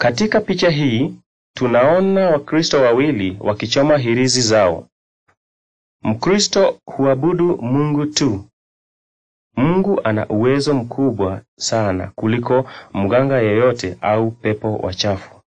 Katika picha hii tunaona wakristo wawili wakichoma hirizi zao. Mkristo huabudu Mungu tu. Mungu ana uwezo mkubwa sana kuliko mganga yeyote au pepo wachafu.